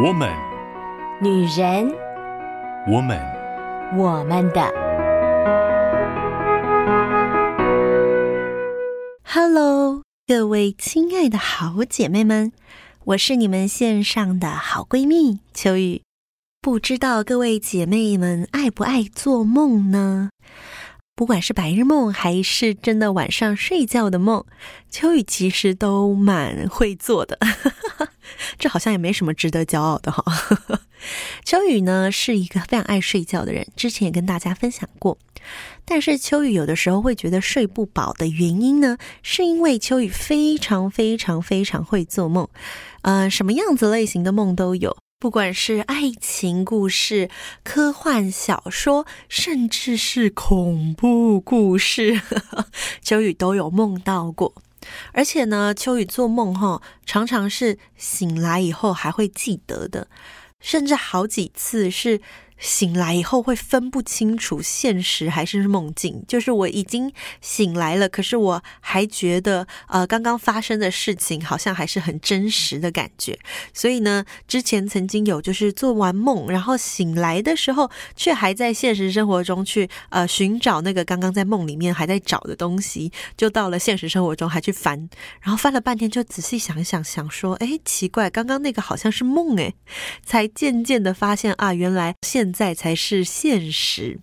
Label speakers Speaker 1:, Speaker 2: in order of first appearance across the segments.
Speaker 1: 我們，女人，我們，我們的，Hello，各位親愛的好姐妹們，我是你們線上的好閨蜜秋雨。不知道各位姐妹們愛不愛做夢呢？不管是白日夢還是真的晚上睡覺的夢，秋雨其實都蠻會做的。 這好像也沒什麼值得驕傲的哈。 秋雨呢是一個非常愛睡覺的人，之前也跟大家分享過。但是秋雨有的時候會覺得睡不飽的原因呢，是因為秋雨非常非常非常會做夢，呃，什麼樣子類型的夢都有。不管是愛情故事、科幻小說，甚至是恐怖故事， 秋雨都有夢到過。而且呢，秋雨做夢哈，常常是醒來以後還會記得的，甚至好幾次是。醒來以後會分不清楚現實還是夢境，就是我已經醒來了，可是我還覺得呃剛剛發生的事情好像還是很真實的感覺。嗯、所以呢，之前曾經有就是做完夢，然後醒來的時候，卻還在現實生活中去呃尋找那個剛剛在夢裡面還在找的東西，就到了現實生活中還去翻，然後翻了半天就仔細想想，想說誒，奇怪，剛剛那個好像是夢誒、欸，才漸漸的發現啊原來現。現在才是現實。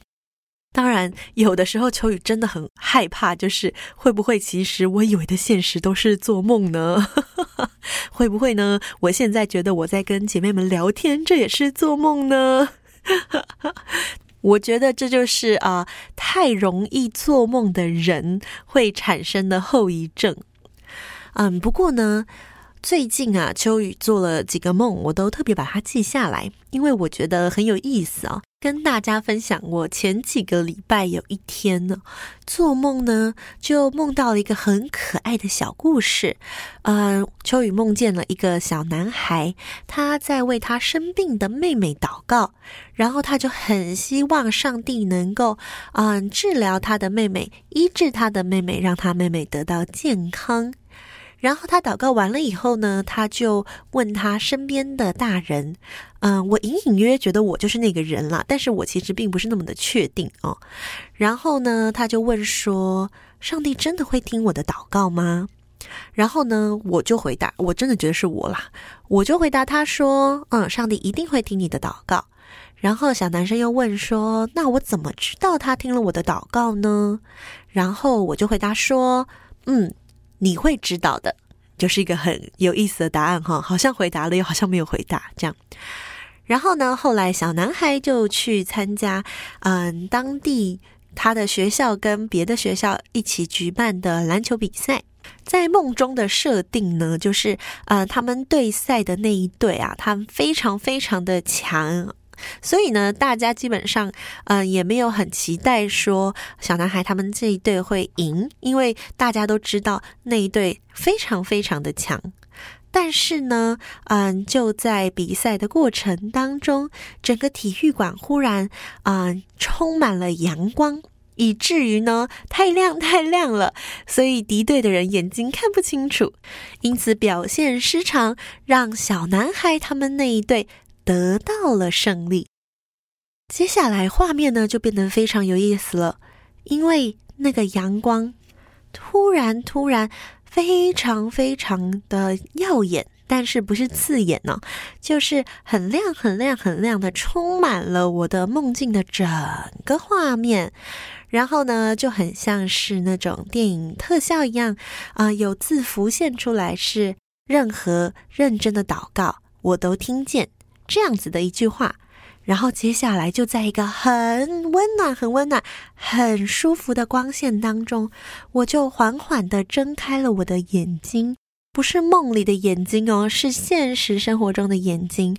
Speaker 1: 當然，有的時候秋雨真的很害怕，就是會不會其實我以為的現實都是做夢呢？ 會不會呢？我現在覺得我在跟姐妹們聊天，這也是做夢呢？ 我覺得這就是啊，太容易做夢的人會產生的後遺症。嗯，不過呢。最近啊，秋雨做了幾個夢，我都特別把它記下來，因為我覺得很有意思哦，跟大家分享。我前幾個禮拜有一天呢，做夢呢就夢到了一個很可愛的小故事。嗯、呃，秋雨夢見了一個小男孩，他在為他生病的妹妹禱告，然後他就很希望上帝能夠嗯、呃，治療他的妹妹，醫治他的妹妹，讓他妹妹得到健康。然後他禱告完了以後呢，他就問他身邊的大人：“嗯、呃，我隱隱約約覺得我就是那個人了，但是我其實並不是那麼的確定哦。”然後呢，他就問說：“上帝真的會聽我的禱告嗎？”然後呢，我就回答：“我真的覺得是我啦。”我就回答他說：“嗯，上帝一定會聽你的禱告。”然後小男生又問說：“那我怎麼知道他聽了我的禱告呢？”然後我就回答說：“嗯。”你會知道的，就是一個很有意思的答案哈，好像回答了又好像沒有回答這樣。然後呢，後來小男孩就去參加，嗯、呃，當地他的學校跟別的學校一起舉辦的籃球比賽。在夢中的設定呢，就是嗯、呃，他們對賽的那一隊啊，他們非常非常的強。所以呢，大家基本上，嗯、呃，也沒有很期待說小男孩他們這一隊會贏，因為大家都知道那一隊非常非常的強。但是呢，嗯、呃，就在比賽的過程當中，整個體育館忽然嗯、呃、充滿了陽光，以至於呢太亮太亮了，所以敵隊的人眼睛看不清楚，因此表現失常，讓小男孩他們那一隊。得到了勝利。接下來畫面呢就變得非常有意思了，因為那個陽光突然突然非常非常的耀眼，但是不是刺眼呢？就是很亮很亮很亮的，充滿了我的夢境的整個畫面。然後呢就很像是那種電影特效一樣啊，有字浮現出來，是任何認真的禱告我都聽見。這樣子的一句話，然後接下來就在一個很溫暖、很溫暖、很舒服的光線當中，我就緩緩地睜開了我的眼睛，不是夢裡的眼睛哦，是現實生活中的眼睛，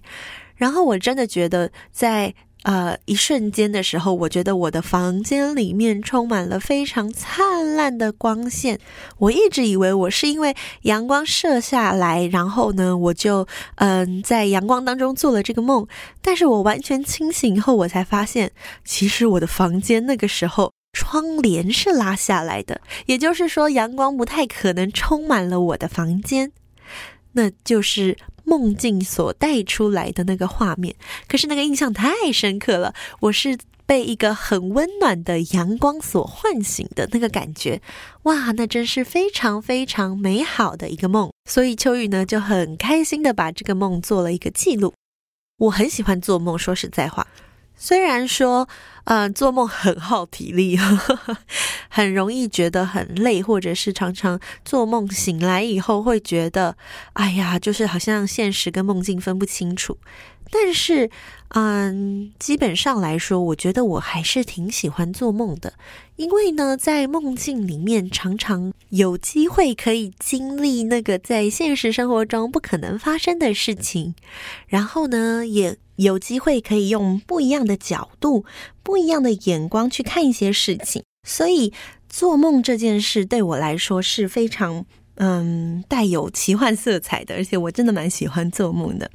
Speaker 1: 然後我真的覺得在。呃，一瞬間的時候，我覺得我的房間裡面充滿了非常燦爛的光線。我一直以為我是因為陽光射下來，然後呢，我就嗯，呃，在陽光當中做了這個夢。但是我完全清醒後，我才發現，其實我的房間那個時候窗簾是拉下來的，也就是說，陽光不太可能充滿了我的房間。那就是夢境所帶出來的那個畫面，可是那個印象太深刻了，我是被一個很溫暖的陽光所喚醒的那個感覺。哇，那真是非常非常美好的一個夢。所以秋雨呢，就很開心的把這個夢做了一個記錄。我很喜歡做夢，說實在話。雖然說，嗯、呃，做夢很耗體力呵呵，很容易覺得很累，或者是常常做夢醒來以後會覺得，哎呀，就是好像現實跟夢境分不清楚，但是。嗯，基本上來說，我覺得我還是挺喜歡做夢的，因為呢，在夢境裡面常常有機會可以經歷那個在現實生活中不可能發生的事情，然後呢，也有機會可以用不一樣的角度、不一樣的眼光去看一些事情。所以，做夢這件事對我來說是非常，嗯，帶有奇幻色彩的，而且我真的蠻喜歡做夢的。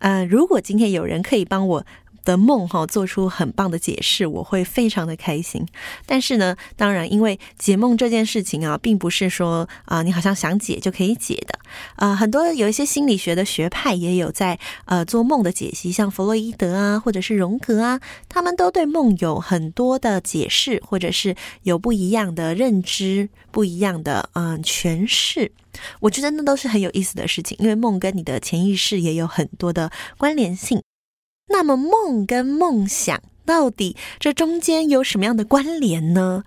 Speaker 1: 嗯，uh, 如果今天有人可以幫我的夢哈、哦，做出很棒的解釋，我會非常的開心。但是呢，當然，因為解夢這件事情啊，並不是說啊、呃，你好像想解就可以解的。呃，很多有一些心理學的學派也有在呃做夢的解析，像弗洛伊德啊，或者是榮格啊，他們都對夢有很多的解釋，或者是有不一樣的認知、不一樣的嗯詮釋。我覺得那都是很有意思的事情，因為夢跟你的潛意識也有很多的關聯性。那麼夢跟夢想到底這中間有什麼樣的關聯呢？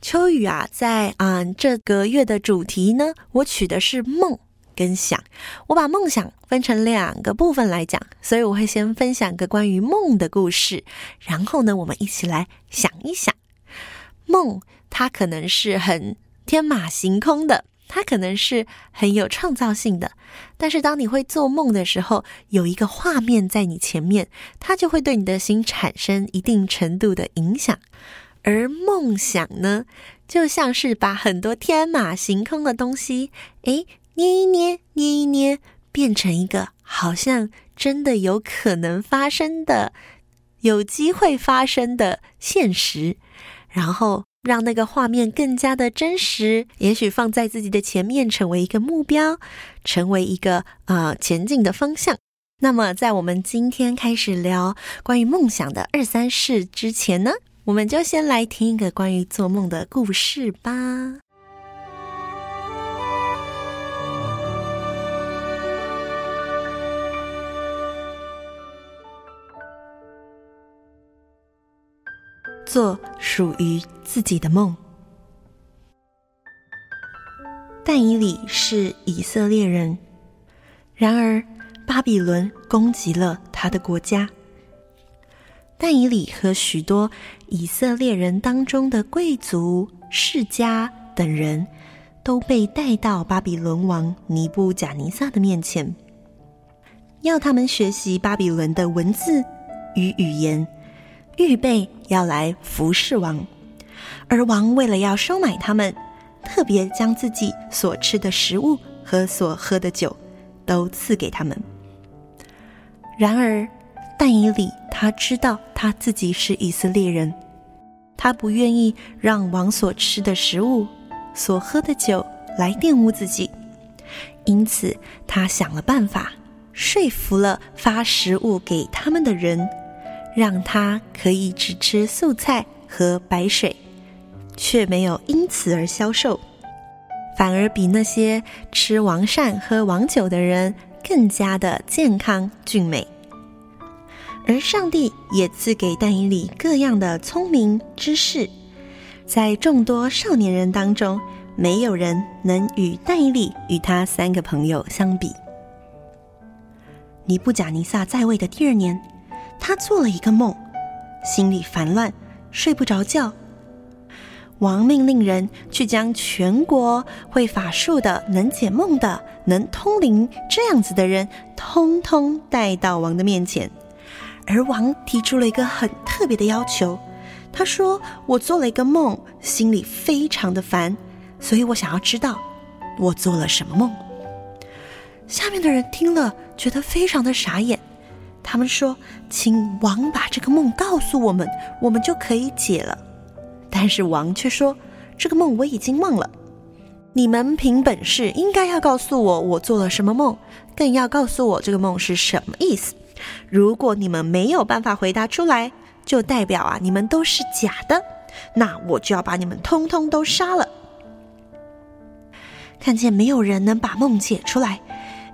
Speaker 1: 秋雨啊，在啊、呃、這個月的主題呢，我取的是夢跟想，我把夢想分成兩個部分來講，所以我會先分享個關於夢的故事，然後呢，我們一起來想一想，夢它可能是很天馬行空的。它可能是很有創造性的，但是當你會做夢的時候，有一個畫面在你前面，它就會對你的心產生一定程度的影響。而夢想呢，就像是把很多天馬行空的東西，誒，捏一捏，捏一捏，捏一捏，變成一個好像真的有可能發生的、有機會發生的現實，然後。讓那個畫面更加的真實，也許放在自己的前面，成為一個目標，成為一個呃前進的方向。那麼，在我們今天開始聊關於夢想的二三事之前呢，我們就先來聽一個關於做夢的故事吧。做屬於自己的夢。但以理是以色列人，然而巴比倫攻擊了他的國家。但以理和許多以色列人當中的貴族、世家等人都被帶到巴比倫王尼布甲尼撒的面前，要他們學習巴比倫的文字與語言。預備要來服侍王，而王為了要收買他們，特別將自己所吃的食物和所喝的酒，都賜給他們。然而，但以理他知道他自己是以色列人，他不願意讓王所吃的食物、所喝的酒來玷污自己，因此他想了辦法，說服了發食物給他們的人。讓他可以只吃素菜和白水，卻沒有因此而消瘦，反而比那些吃王膳喝王酒的人更加的健康俊美。而上帝也賜給但以利各樣的聰明知識，在眾多少年人當中，沒有人能與但以利與他三個朋友相比。尼布甲尼撒在位的第二年。他做了一個夢，心裡煩亂，睡不着覺。王命令人去將全國會法術的、能解夢的、能通靈這樣子的人，通通帶到王的面前。而王提出了一個很特別的要求，他說：“我做了一個夢，心裡非常的煩，所以我想要知道，我做了什麼夢。”下面的人聽了，覺得非常的傻眼。他們說：“請王把這個夢告訴我們，我們就可以解了。”但是王卻說：“這個夢我已經忘了，你們憑本事應該要告訴我我做了什麼夢，更要告訴我這個夢是什麼意思。如果你們沒有辦法回答出來，就代表啊你們都是假的，那我就要把你們通通都殺了。”看見沒有人能把夢解出來，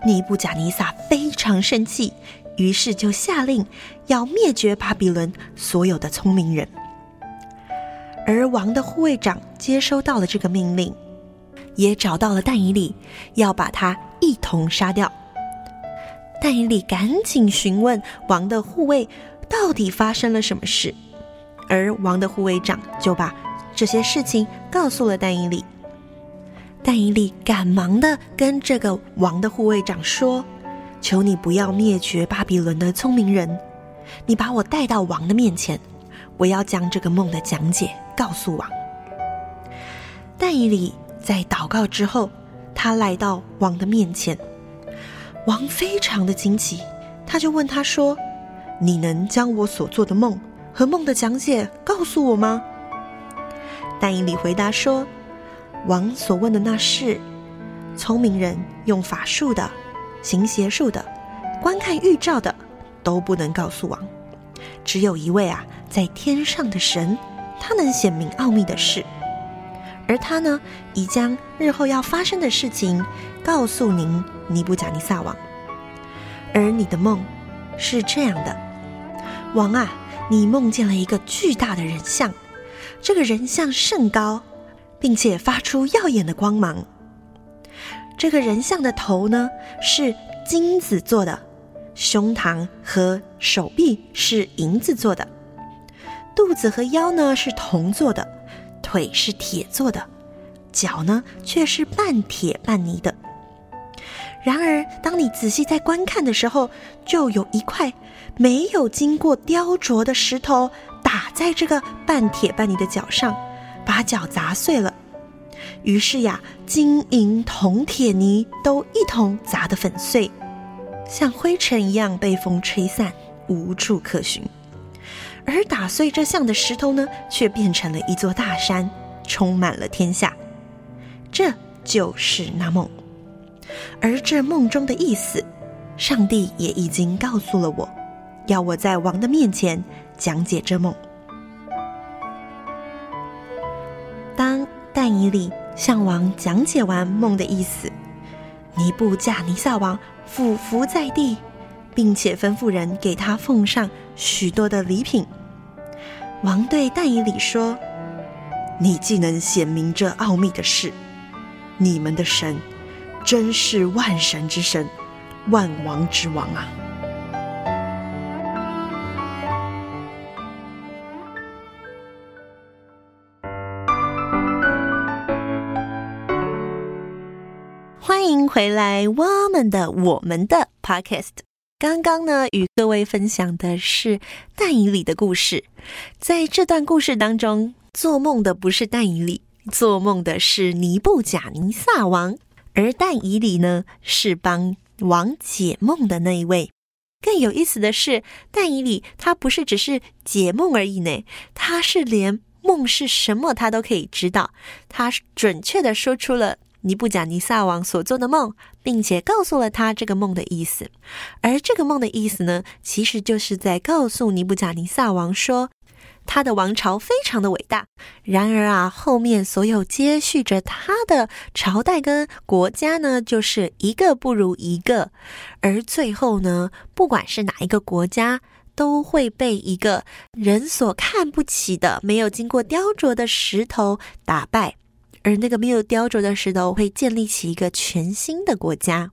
Speaker 1: 尼布甲尼撒非常生氣。於是就下令，要滅絕巴比倫所有的聰明人。而王的護衛長接收到了這個命令，也找到了但以理，要把他一同殺掉。但以理趕緊詢問王的護衛，到底發生了什麼事。而王的護衛長就把這些事情告訴了但以理。但以理趕忙的跟這個王的護衛長說。求你不要滅絕巴比倫的聰明人，你把我帶到王的面前，我要將這個夢的講解告訴王。但以理在禱告之後，他來到王的面前，王非常的驚奇，他就問他說：“你能將我所做的夢和夢的講解告訴我嗎？”但以理回答說：“王所問的那是聰明人用法術的。”行邪術的、觀看預兆的，都不能告訴王。只有一位啊，在天上的神，他能顯明奧秘的事。而他呢，已將日後要發生的事情告訴您，尼布甲尼撒王。而你的夢是這樣的，王啊，你夢見了一個巨大的人像，這個人像甚高，並且發出耀眼的光芒。這個人像的頭呢是金子做的，胸膛和手臂是銀子做的，肚子和腰呢是銅做的，腿是鐵做的，腳呢却是半鐵半泥的。然而，當你仔細在觀看的時候，就有一塊沒有經過雕琢的石頭打在這個半鐵半泥的腳上，把腳砸碎了。於是呀，金銀銅鐵泥都一同砸得粉碎，像灰塵一樣被風吹散，無處可尋。而打碎這像的石頭呢，卻變成了一座大山，充滿了天下。這就是那夢，而這夢中的意思，上帝也已經告訴了我，要我在王的面前講解這夢。但以理向王講解完夢的意思，尼布甲尼撒王俯伏在地，並且吩咐人給他奉上許多的禮品。王對但以理說：“你既能顯明這奧秘的事，你們的神真是萬神之神，萬王之王啊！”歡迎回來我，我們的我們的 Podcast。剛剛呢，與各位分享的是但以理的故事。在這段故事當中，做夢的不是但以理，做夢的是尼布甲尼撒王，而但以理呢，是幫王解夢的那一位。更有意思的是，但以理他不是只是解夢而已呢，他是連夢是什麼他都可以知道，他準確的說出了。尼布甲尼撒王所做的夢，並且告訴了他這個夢的意思。而這個夢的意思呢，其實就是在告訴尼布甲尼撒王說，他的王朝非常的偉大。然而啊，後面所有接續着他的朝代跟國家呢，就是一個不如一個。而最後呢，不管是哪一個國家，都會被一個人所看不起的、沒有經過雕琢的石頭打敗。而那個沒有雕琢的石頭會建立起一個全新的國家。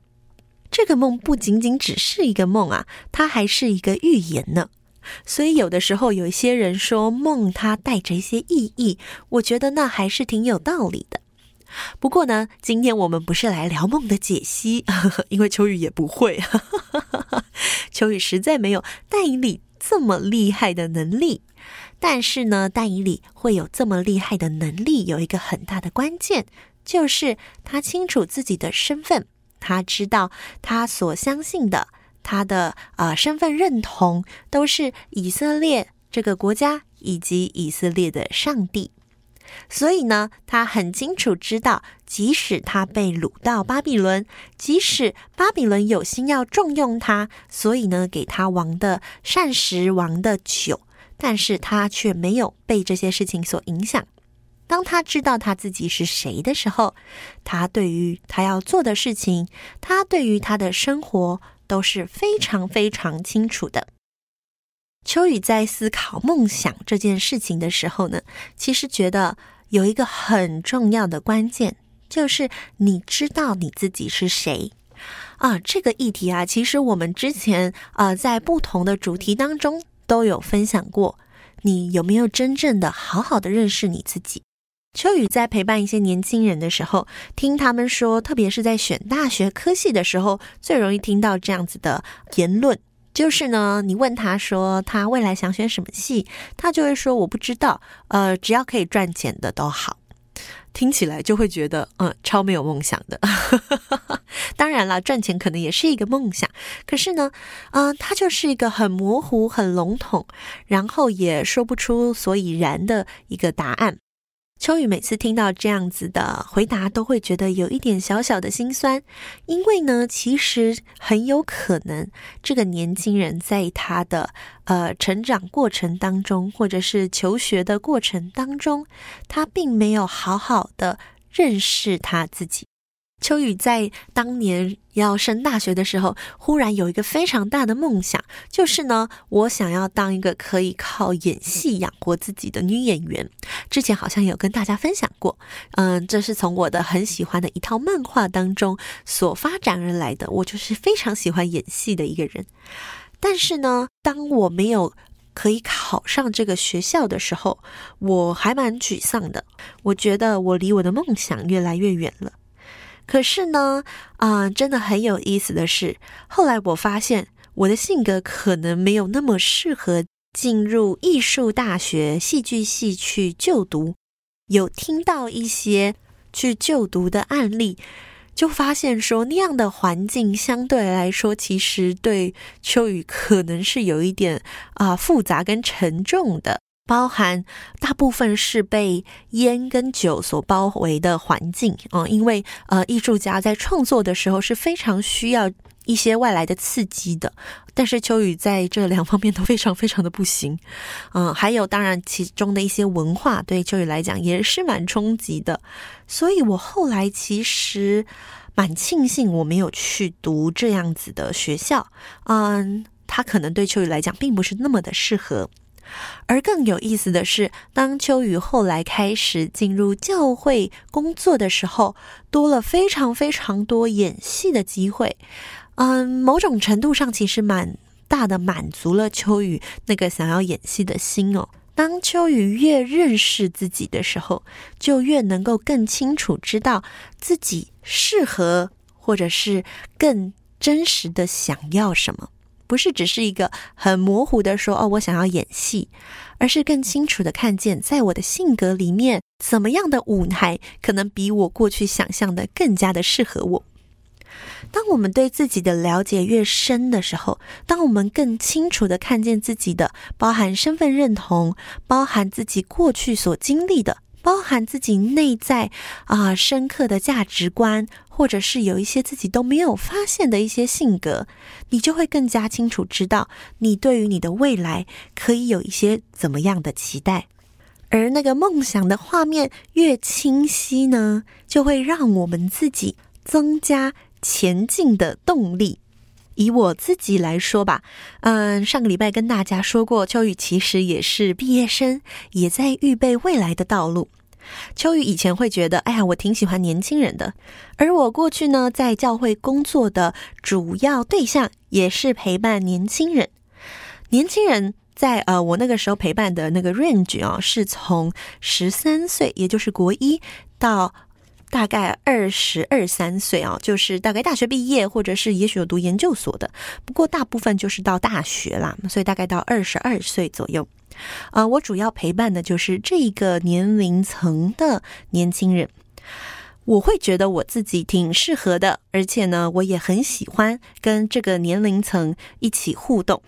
Speaker 1: 這個夢不僅僅只是一個夢啊，它還是一個預言呢。所以有的時候有一些人說夢它帶着一些意義，我覺得那還是挺有道理的。不過呢，今天我們不是來聊夢的解析，呵呵，因為秋雨也不會，哈哈哈哈，秋雨實在沒有但以理這麼厲害的能力。但是呢，但以理會有這麼厲害的能力，有一個很大的關鍵，就是他清楚自己的身份，他知道他所相信的，他的呃身份認同都是以色列這個國家以及以色列的上帝，所以呢，他很清楚知道，即使他被擄到巴比倫，即使巴比倫有心要重用他，所以呢，給他王的膳食，王的酒。但是他卻沒有被這些事情所影響。當他知道他自己是誰的時候，他對於他要做的事情，他對於他的生活都是非常非常清楚的。秋雨在思考夢想這件事情的時候呢，其實覺得有一個很重要的關鍵，就是你知道你自己是誰。啊，呃，這個議題啊，其實我們之前，呃，在不同的主題當中。都有分享過，你有沒有真正的好好的認識你自己？秋雨在陪伴一些年輕人的時候，聽他們說，特別是在選大學科系的時候，最容易聽到這樣子的言論，就是呢，你問他說他未來想選什麼系，他就會說我不知道，呃，只要可以賺錢的都好。聽起來就會覺得，嗯，超沒有夢想的。 當然了，賺錢可能也是一個夢想，可是呢，嗯，它就是一個很模糊、很籠統，然後也說不出所以然的一個答案。秋雨每次聽到這樣子的回答，都會覺得有一點小小的心酸，因為呢，其實很有可能這個年輕人在他的呃成長過程當中，或者是求學的過程當中，他並沒有好好的認識他自己。秋雨在當年要升大學的時候，忽然有一個非常大的夢想，就是呢，我想要當一個可以靠演戲養活自己的女演員。之前好像有跟大家分享過，嗯，這是從我的很喜歡的一套漫畫當中所發展而來的。我就是非常喜歡演戲的一個人。但是呢，當我沒有可以考上這個學校的時候，我還蠻沮喪的。我覺得我離我的夢想越來越遠了。可是呢，啊、呃，真的很有意思的是，後來我發現我的性格可能沒有那麼適合進入藝術大學戲劇系去就讀。有聽到一些去就讀的案例，就發現說那樣的環境相對來說，其實對秋雨可能是有一點啊、呃，複雜跟沉重的。包含大部分是被煙跟酒所包圍的環境，嗯，因為呃，藝術家在創作的時候是非常需要一些外來的刺激的。但是秋雨在這兩方面都非常非常的不行，嗯，還有當然其中的一些文化對秋雨來講也是蠻衝擊的。所以我後來其實蠻慶幸我沒有去讀這樣子的學校，嗯，他可能對秋雨來講並不是那麼的適合。而更有意思的是，當秋雨後來開始進入教會工作的時候，多了非常非常多演戲的機會。嗯，某種程度上，其實蠻大的滿足了秋雨那個想要演戲的心哦。當秋雨越認識自己的時候，就越能夠更清楚知道自己適合或者是更真實的想要什麼。不是只是一個很模糊的說哦，我想要演戲，而是更清楚地看見，在我的性格裡面，怎麼樣的舞台可能比我過去想象的更加的適合我。當我們對自己的了解越深的時候，當我們更清楚地看見自己的，包含身份認同，包含自己過去所經歷的，包含自己內在啊，呃，深刻的價值觀。或者是有一些自己都沒有發現的一些性格，你就會更加清楚知道你對於你的未來可以有一些怎麼樣的期待，而那個夢想的畫面越清晰呢，就會讓我們自己增加前進的動力。以我自己來說吧，嗯、呃，上個禮拜跟大家說過，秋雨其實也是畢業生，也在預備未來的道路。秋雨以前會覺得，哎呀，我挺喜歡年輕人的。而我過去呢，在教會工作的主要對象也是陪伴年輕人。年輕人在呃，我那個時候陪伴的那個 range 啊、哦，是從十三歲，也就是國一到。大概二十二三歲啊、哦，就是大概大學畢業，或者是也許有讀研究所的，不過大部分就是到大學啦，所以大概到二十二歲左右。啊、呃，我主要陪伴的就是這一個年齡層的年輕人，我會覺得我自己挺適合的，而且呢，我也很喜歡跟這個年齡層一起互動。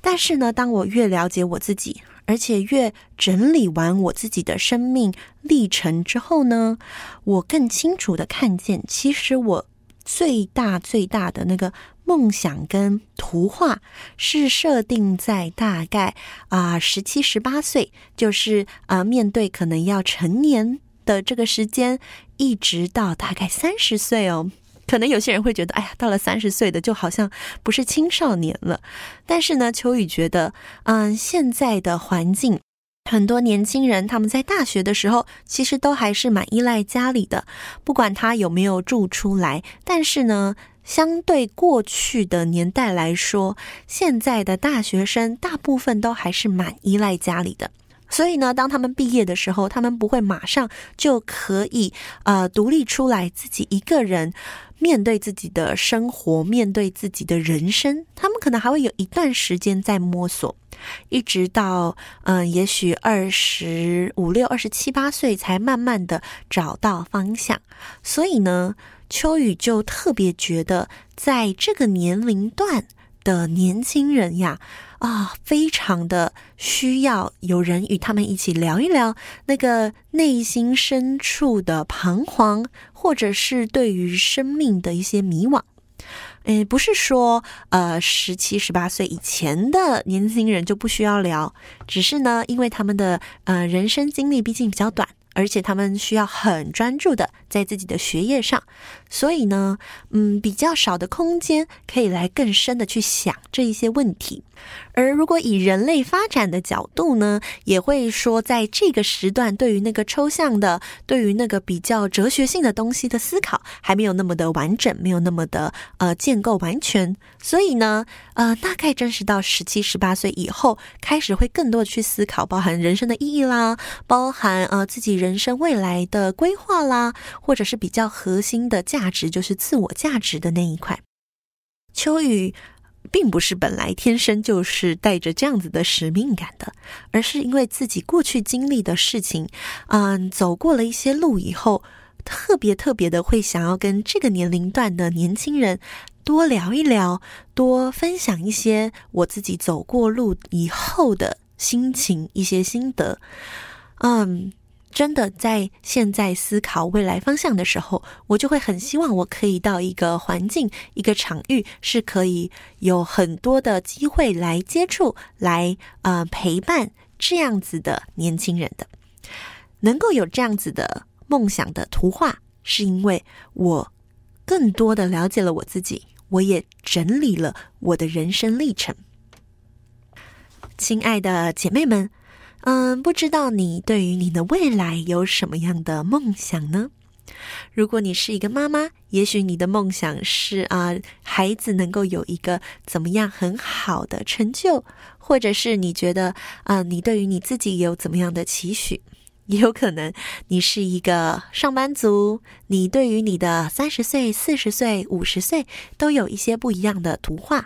Speaker 1: 但是呢，當我越了解我自己，而且越整理完我自己的生命歷程之後呢，我更清楚的看見，其實我最大最大的那個夢想跟圖畫是設定在大概啊十七十八歲，就是啊，呃，面對可能要成年的這個時間，一直到大概三十歲哦。可能有些人會覺得，哎呀，到了三十歲的就好像不是青少年了。但是呢，秋雨覺得，嗯，現在的環境，很多年輕人他們在大學的時候其實都還是蠻依賴家裡的，不管他有沒有住出來。但是呢，相對過去的年代來說，現在的大學生大部分都還是蠻依賴家裡的。所以呢，當他們畢業的時候，他們不會馬上就可以呃獨立出來，自己一個人面對自己的生活，面對自己的人生。他們可能還會有一段時間在摸索，一直到嗯、呃，也許二十五六、二十七八歲，才慢慢的找到方向。所以呢，秋雨就特別覺得，在這個年齡段的年輕人呀。啊、哦，非常的需要有人與他們一起聊一聊那個內心深處的彷徨，或者是對於生命的一些迷惘。哎，不是說呃十七十八歲以前的年輕人就不需要聊，只是呢，因為他們的呃人生經歷畢竟比較短，而且他們需要很專注的。在自己的學業上，所以呢，嗯，比較少的空間可以來更深的去想這一些問題。而如果以人類發展的角度呢，也會說，在這個時段，對於那個抽象的、對於那個比較哲學性的東西的思考，還沒有那麼的完整，沒有那麼的呃建構完全。所以呢，呃，大概真是到十七、十八歲以後，開始會更多去思考，包含人生的意義啦，包含呃自己人生未來的規劃啦。或者是比較核心的價值，就是自我價值的那一塊。秋雨並不是本來天生就是帶着這樣子的使命感的，而是因為自己過去經歷的事情，嗯，走過了一些路以後，特別特別的會想要跟這個年齡段的年輕人多聊一聊，多分享一些我自己走過路以後的心情、一些心得，嗯。真的在現在思考未來方向的時候，我就會很希望我可以到一個環境、一個場域，是可以有很多的機會來接觸、來呃陪伴這樣子的年輕人的。能夠有這樣子的夢想的圖畫，是因為我更多的了解了我自己，我也整理了我的人生歷程。親愛的姐妹們。嗯，不知道你對於你的未來有什麼樣的夢想呢？如果你是一個媽媽，也許你的夢想是啊、呃，孩子能夠有一個怎麼樣很好的成就，或者是你覺得啊、呃，你對於你自己有怎麼樣的期許。也有可能你是一個上班族，你對於你的三十歲、四十歲、五十歲都有一些不一樣的圖畫。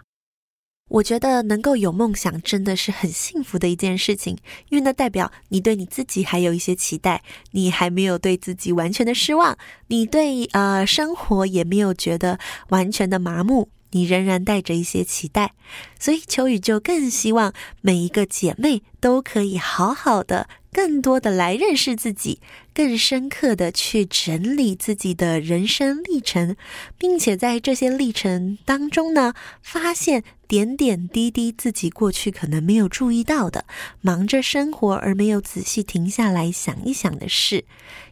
Speaker 1: 我覺得能夠有夢想真的是很幸福的一件事情，因為呢，代表你對你自己還有一些期待，你還沒有對自己完全的失望，你對呃生活也沒有覺得完全的麻木，你仍然帶着一些期待，所以秋雨就更希望每一個姐妹都可以好好的。更多的來認識自己，更深刻的去整理自己的人生歷程，並且在這些歷程當中呢，發現點點滴滴自己過去可能沒有注意到的，忙着生活而沒有仔細停下來想一想的事。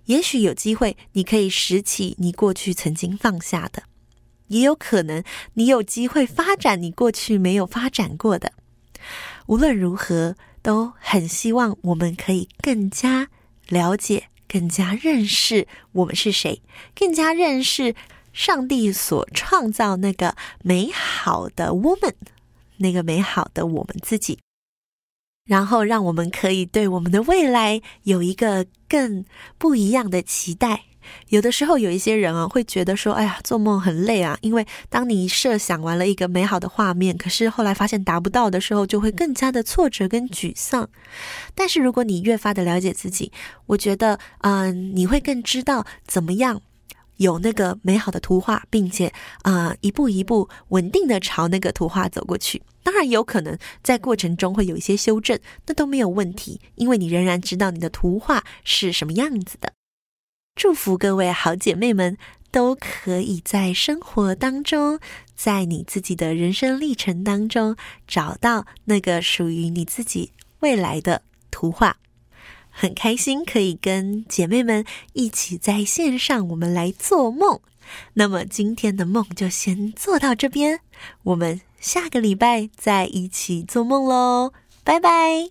Speaker 1: 也許有機會，你可以拾起你過去曾經放下的，也有可能你有機會發展你過去沒有發展過的。無論如何，都很希望我們可以更加了解、更加認識我們是誰，更加認識上帝所創造那個美好的我們，那個美好的我們自己，然後讓我們可以對我們的未來有一個更不一樣的期待。有的時候有一些人啊，會覺得說：“哎呀，做夢很累啊。”因為當你設想完了一個美好的畫面，可是後來發現達不到的時候，就會更加的挫折跟沮喪。但是如果你越發的了解自己，我覺得，嗯、呃，你會更知道怎麼樣有那個美好的圖畫，並且啊、呃，一步一步穩定的朝那個圖畫走過去。當然有可能在過程中會有一些修正，那都沒有問題，因為你仍然知道你的圖畫是什麼樣子的。祝福各位好姐妹們，都可以在生活當中，在你自己的人生歷程當中，找到那個屬於你自己未來的圖畫。很開心可以跟姐妹們一起在線上，我們來做夢。那麼今天的夢就先做到這邊，我們下個禮拜再一起做夢嘍，拜拜。